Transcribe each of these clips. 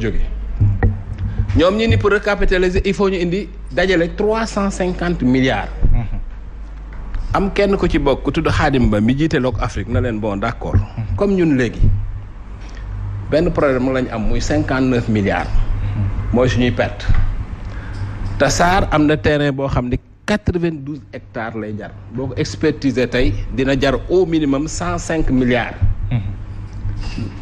fi jóge ñoom ñi ni pour recapitaliser il faut ñu indi dajale trois cent cinquante milliards mhm. am kenn ko ci bokk tudd xaadim ba mi jiite loog Afrique na leen bon d'accord mhm. comme ñun léegi benn problème lañ am muy cinquante neuf milliards mhm. mooy suñuy perte te SAR am na terrain boo xam ni quatre vingt douze hectares lay jar boo ko expertiser tey dina jar au minimum cent cinq milliards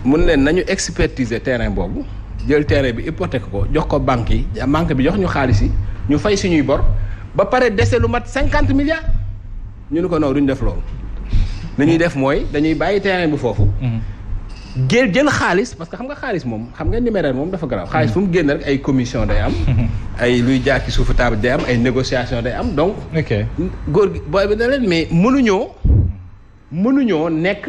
mun leen nañu expertiser terrain boobu jël terrain bi hypothèque ko jox ko banque yi banque bi jox ñu xaalis yi ñu fay suñuy bor ba pare dese lu mat cinquante milliards ñu ne ko non duñ def loolu li ñuy def mooy dañuy bàyyi terrain bi foofu mhm. jël jël xaalis parce que xam nga xaalis moom xam nga numéraire moom dafa garaaw xaalis fu mu génn rek ay commission day am mhm. ay luy jaaki suufu table de am ay négociation day am donc góor gi booy bi na leen mais mënuñoo mënuñoo nekk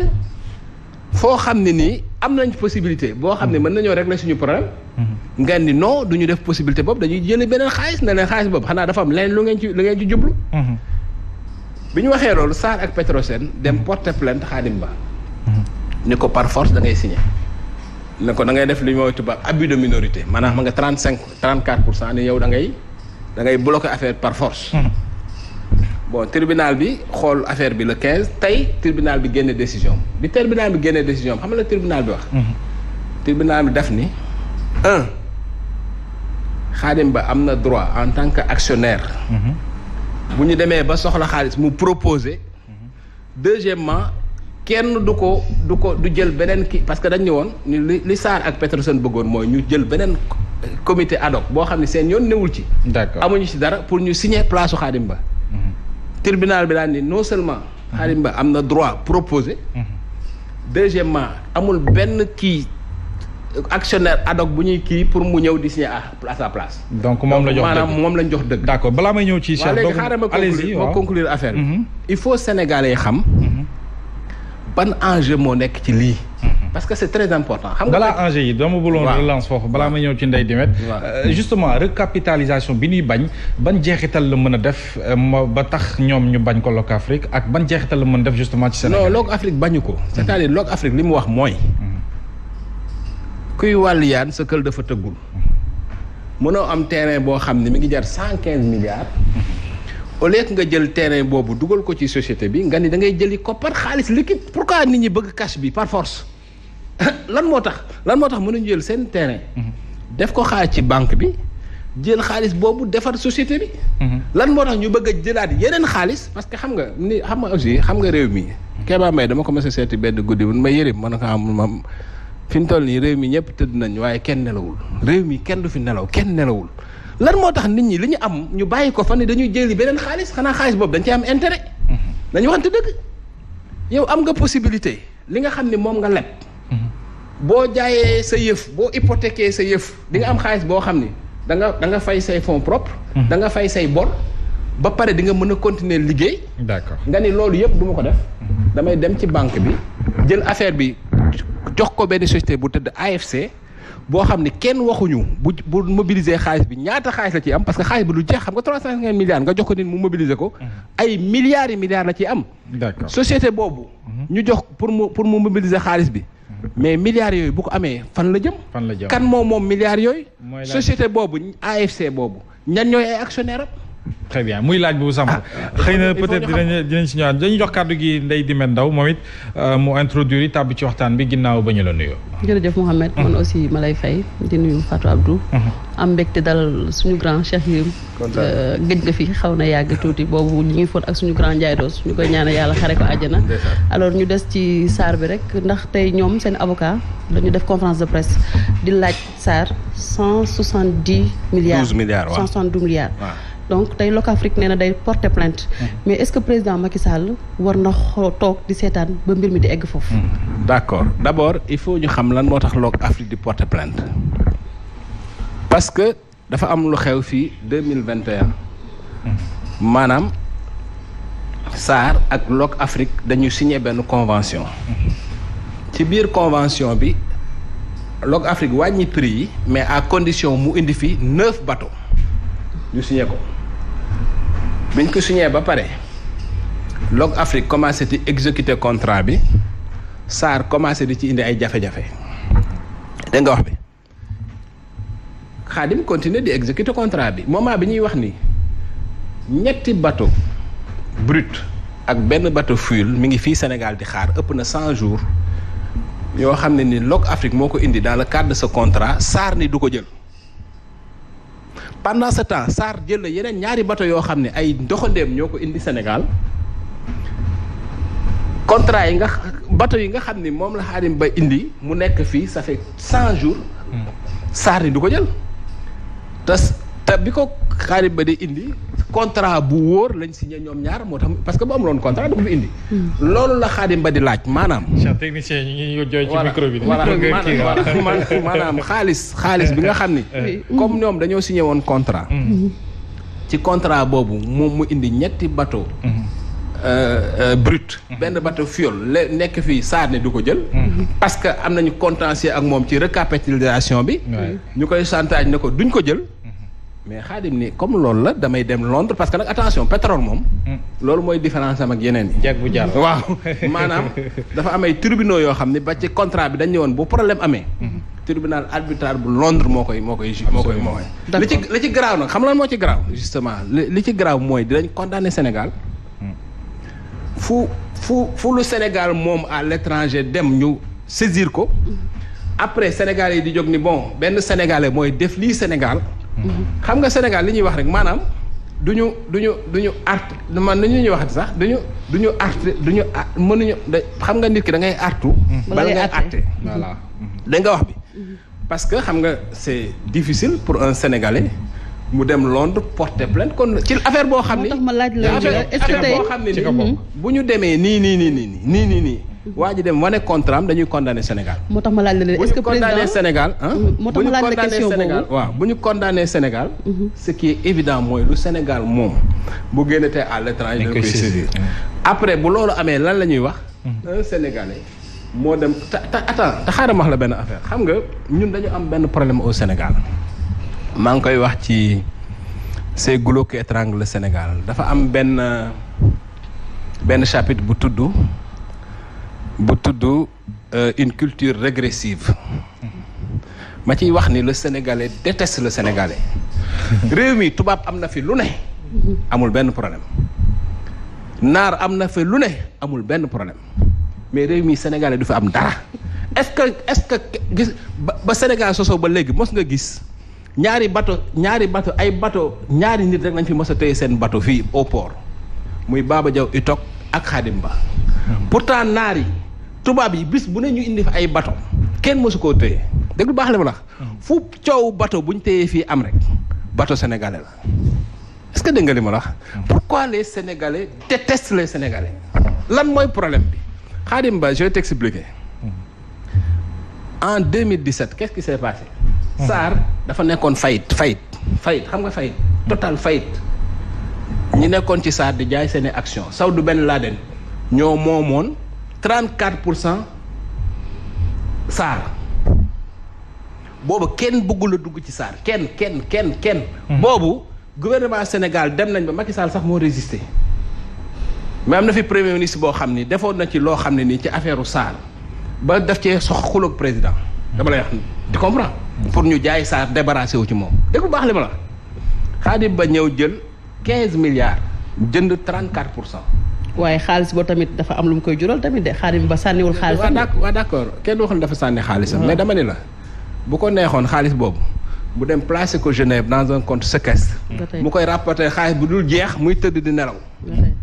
foo xam ne nii am nañ possibilité boo xam ne mhm. mën nañoo régler suñu problème mhm. ngeen ni non duñu def possibilité boobu dañuy jël beneen xaalis ne leen xaalis boobu xanaa dafa am leneen lu ngeen ci lu ngeen jublu mhm. bi ñu waxee loolu Sarr ak Petrosen dem porter plainte Khadim Ba ni ko par force da ngay signé ne ko da ngay def li ñu woowee tubaab abus de minorité maanaam ma nga trente cinq trente quatre pour cent ni yow da ngay da ngay bloquer affaire par force bon tribunal bi xool affaire bi le quinze tey tribunal bi génne décision bi tribunal bi génne décision xam nga la tribunal bi wax. Mhm. tribunal bi daf ni un Ba am na droit en tant que actionnaire. Mhm. bu ñu demee ba soxla xaalis mu proposer. Mhm. deuxièmement kenn du ko du ko du jël beneen kii parce que dañ ne woon ni li li saar ak Peterson bëggoon mooy ñu jël beneen comité ad hoc boo xam ne seen yoon newul ci. amuñu ci dara pour ñu signer place su Ba. tribunal bi daan ni non seulement Halim Ba am na droit proposé deuxièmement amul benn kii actionnaire ad hoc bu ñuy kii pour mu ñëw di signer à sa place donc moom la jox dëgg maanaam moom lañ jox dëgg d'accord balaa may ñëw ci Cheikh léegi xaaral ma conclure ma affaire bi mhm. il faut sénégalais xam mhm. ban enjeu moo nekk ci lii parce que c'est très important. xam nga balaa enjeu yi dama bëggoon relance foofu balaa ma ñëw ci ndey demet euh, justement recapitalisation bi ñuy bañ ban jeexital la mën a def euh, ba tax ñoom ñu bañ ko Log Afrique ak ban jeexital la mën a def justement ci Sénégal. non Log Afrique bañu ko. c'est-à-dire Afrique li mu wax mooy. kuy wàllu yaan sa kël dafa tëggul. mënoo am terrain boo xam ne mu ngi jar cent quinze milliards. au lieu que nga jël terrain boobu dugal ko ci société bi nga ni da ngay jëli koppar xaalis liquide pourquoi nit ñi bëgg cash bi par force. lan moo tax lan moo tax mënuñu jël seen terrain. def ko xaar ci banque bi jël xaalis boobu defar société bi. Mm-hmm. lan moo tax ñu bëgg a jëlaat yeneen xaalis parce que xam nga ni xam nga aussi xam nga réew mi. Kéba Mbaye dama ko mës a benn guddi man ma yërim man ah, kaa am fi mu toll nii réew mi ñëpp tëdd nañ waaye kenn nelawul réew mi kenn du fi nelaw kenn nelawul. lan moo tax nit ñi li ñu am ñu bàyyi ko fa ne dañuy jëli beneen xaalis xanaa xaalis boobu dañ ci am intérêt. Mm-hmm. nañu waxante dëgg yow am nga possibilité li nga xam ni moom nga leb. boo jaayee sa yëf boo hypothéquer sa yëf di nga am xaalis boo xam ni danga nga fay say fonds propres hmm. da nga fay say bool ba pare di nga mën a continuer liggéey d'accord nga ni loolu yëpp du ko def damay dem ci banque bi jël affaire bi jox ko benn société bu tëdd AFC boo xam ne kenn waxuñu bu bu mobiliser xaalis bi ñaata xaalis la ciy am parce que xaalis bi du jeex xam nga trois milliards nga jox ko nit mu mobiliser ko. Hmm. ay milliards yi milliards la ciy am. d'accord société boobu. Hmm. ñu jox pour mu pour mu mobiliser xaalis bi. mais milliards yooyu bu ko amee fan la jëm. fan la jëm kan moom moom milliards yooyu. société boobu AFC boobu ñan ñooy ay très bien muy laaj bu sàmm ah, xëy na peut-être dinañ dinañ si ñëwaat dañu jox kàddu gi Ndeye Dimet Ndaw moom it euh, mu introduire yi tàbb ci waxtaan bi ginnaaw ba ñu la nuyoo jërëjëf Mouhamed mm-hmm. man aussi ma lay fay di nuyu Fatou Abdou mm-hmm. am mbégte dalal suñu grand Cheikh euh, Yérim gëj nga fi xaw na yàgg tuuti boobu ñu ngi foon ak suñu grand Ndiaye Doos ñu koy ñaanal yàlla xare ko àjjana alors ñu des ci Sarr bi rek ndax tey ñoom seen avocat dañu def conférence de presse di laaj Sarr cent soixante dix milliards cent soixante douze milliards donc tey Locafrique nee na day porter plainte hmm. mais est-ce que président Macky Sall war na xoo toog di seetaan ba mbir mi di egg foofu. Hmm. d'accord d'abord il faut ñu xam lan moo tax Locafrique di porter plainte parce que dafa am lu xew fii deux mille vingt et hmm. maanaam SAR ak afrique dañu signé benn convention. ci biir convention bi afrique wàññi prix yi mais à condition mu indi fi neuf bateaux ñu signé ko. biñ ko signé ba pare Log Afrique commencé di exécuter contrat bi SAR commencé di ci indi ay jafe-jafe dégg nga wax bi Xaadim continuer di exécuter contrat bi moment bi ñuy wax ni ñetti bateau brut ak benn bateau fuel mi ngi fii Sénégal di xaar ëpp na cent jours yoo xam ne ni Log Afrique moo ko indi dans le cadre de ce contrat SAR ni du ko jël. pendant ce temps Sarr jël na yeneen ñaari bato yoo xam ne ay ndoxo doxandeem ñoo ko indi Sénégal contrat yi nga bato yi nga xam ni moom la Xaadim Ba indi mu nekk fii ça fait cent jours hmm. Sarr ni du ko jël te bi ko Xaadim Ba di indi contrat bu wóor lañ signé ñoom ñaar moo tax parce que bu amuloon contrat du ko fi indi. Hmm. loolu la Xaadim ba di laaj maanaam. cher technicien ñi xaalis xaalis bi nga xam ni. Eh. comme ñoom dañoo signé woon contrat. Hmm. Hmm. ci contrat boobu moom mu indi ñetti bateau. Euh, euh, brut benn bateau fuel nekk fii saar ne du ko jël parce que am nañu contentieux ak moom ci recapitalisation bi ñu koy chantage ne ko duñ ko jël mais xaadim ni comme loolu la damay dem Londres parce que nag attention pétrole moom. Hmm. loolu mooy différence am ak yeneen yi. jag bu jàll waaw maanaam dafa am ay tribunaux yoo xam ne ba ci contrat bi dañ ñëwoon bu problème amee. Hmm. tribunal arbitral bu Londres moo koy moo koy. moo koy moo koy li ci li ci garaaw nag xam lan moo ci garaaw. justement li ci garaaw mooy dinañ condamné Sénégal. Hmm. fu fu fu lu Sénégal moom à l'étranger dem ñu saisir ko. après Sénégal yi di jóg ni bon benn sénégalais mooy def lii Sénégal. xam nga Sénégal li ñuy wax rek maanaam du ñu du ñu du ñu art man nañu ñuy waxati sax du ñu du ñu art du ñu a mënuñu xam nga nit ki da ngay artu. bala ngay arté voilà. da nga wax bi. parce que xam nga c'est difficile pour un Sénégalais. mu dem Londres porter plainte kon ci affaire boo xam ni. moo tax ma laaj la est-ce que affaire boo xam ni bu ñu demee nii nii nii nii nii nii nii. waa ji dem wane contrat am dañuy condamné Sénégal. moo tax ma laaj la est-ce que président mm, bu ñu condamné Sénégal ah. waaw bu ñu condamné Sénégal. Mm-hmm. ce qui évident mooy lu Sénégal moom bu génne te à l'étranger. dañ koy saisir après bu loolu amee lan la ñuy wax. Mm-hmm. un moo dem te te te xaaral wax la benn affaire xam nga ñun dañu am benn problème au Sénégal. maa ngi koy wax ci ces goulots ku étranglent le Sénégal dafa am benn benn chapitre bu tudd. bu tuddu euh, une culture régressive ma ciy wax ni le sénégalais déteste le sénégalais réew mii tubaab am na fi lu ne amul benn problème naar am na fi lu ne amul benn problème mais réew mii sénégalais du fi am dara est-ce que est-ce que gis ba Sénégal sosoo ba léegi mos nga gis ñaari bato ñaari bato ay bato ñaari nit rek lañ fi mos a téye seen bato fi au port muy Baba Diaw Itok ak Khadim Ba pourtant naar yi tubaab yi bis bu ne ñu indi fa ay bato kenn mësu koo téye lu baax la ma la hmm. fu coow bato bu ñu téyee fii am rek bato sénégalais la est-ce que dégg nga li ma la hmm. pourquoi les sénégalais détestent les sénégalais lan mooy problème bi Khadim Ba je vais t'expliquer hmm. en 2017 qu'est-ce qui s'est passé dafa nekkoon fayit fayit fayit xam nga fayit total fayit ñi nekkoon ci Sarr di jaay seeni action benn Ben Laden ñoo moomoon 34 pour cent saar boobu kenn bëggul a dugg ci saar kenn kenn kenn kenn. Hmm. boobu gouvernement Sénégal dem nañ ba Macky Sall sax moo résister mais am na fi premier ministre boo xam ni defoon na ci loo xam ne nii ci affaire u saar ba def cee sox xuloog président. dama lay wax di comprendre. pour ñu jaay saar débarrassé wu ci moom. dégg bu baax li ma la Khadim Ba ñëw jël 15 milliards jënd 34 pour cent. waaye xaalis boo tamit dafa am lu mu koy jural tamit de xaalis ba sànniwul xaalis. waaw d'accord kenn waxul dafa sànni xaalisam. Ah. mais dama la bu ko neexoon xaalis boobu. bu dem placé ko Genève dans un compte séquestre. Mm. mu koy rapporter xaalis bu dul jeex muy tëdd di nelaw.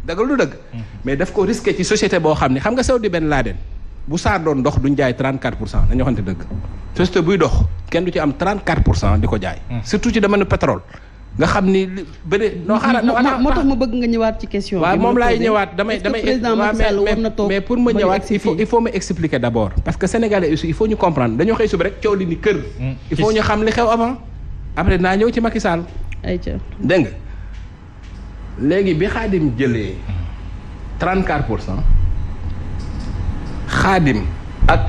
dëggal du dëgg. Mm. mais def ko risqué ci société boo xam ne xam nga benn laa Laden bu saar doon dox duñ jaay 34 pour cent dañoo ne dëgg. société buy dox kenn du ci am 34 pour cent di ko jaay. Mm. surtout ci domaine pétrole. nga xam ni bëri noo xaaral moo tax ma bëgg nga ñëwaat ci question waaw moom laay ñëwaat damay damay président Macky Sall war na mais pour ma ñëwaat il faut il faut ma expliquer d'abord parce que sénégalais aussi il faut ñu comprendre dañoo xëy suba rek coow li ni kër hmm, il faut ñu xam li xew avant après naa ñëw ci Macky Sall ay ca dégg nga léegi bi xaadim jëlee trente pour cent xaadim ak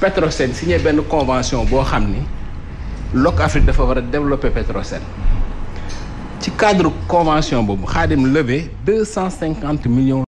Petrosen signé benn convention boo xam ni Lok Afrique dafa war a développer Petrosen cadre convention boobu Khadim levé deux cent cinquante millions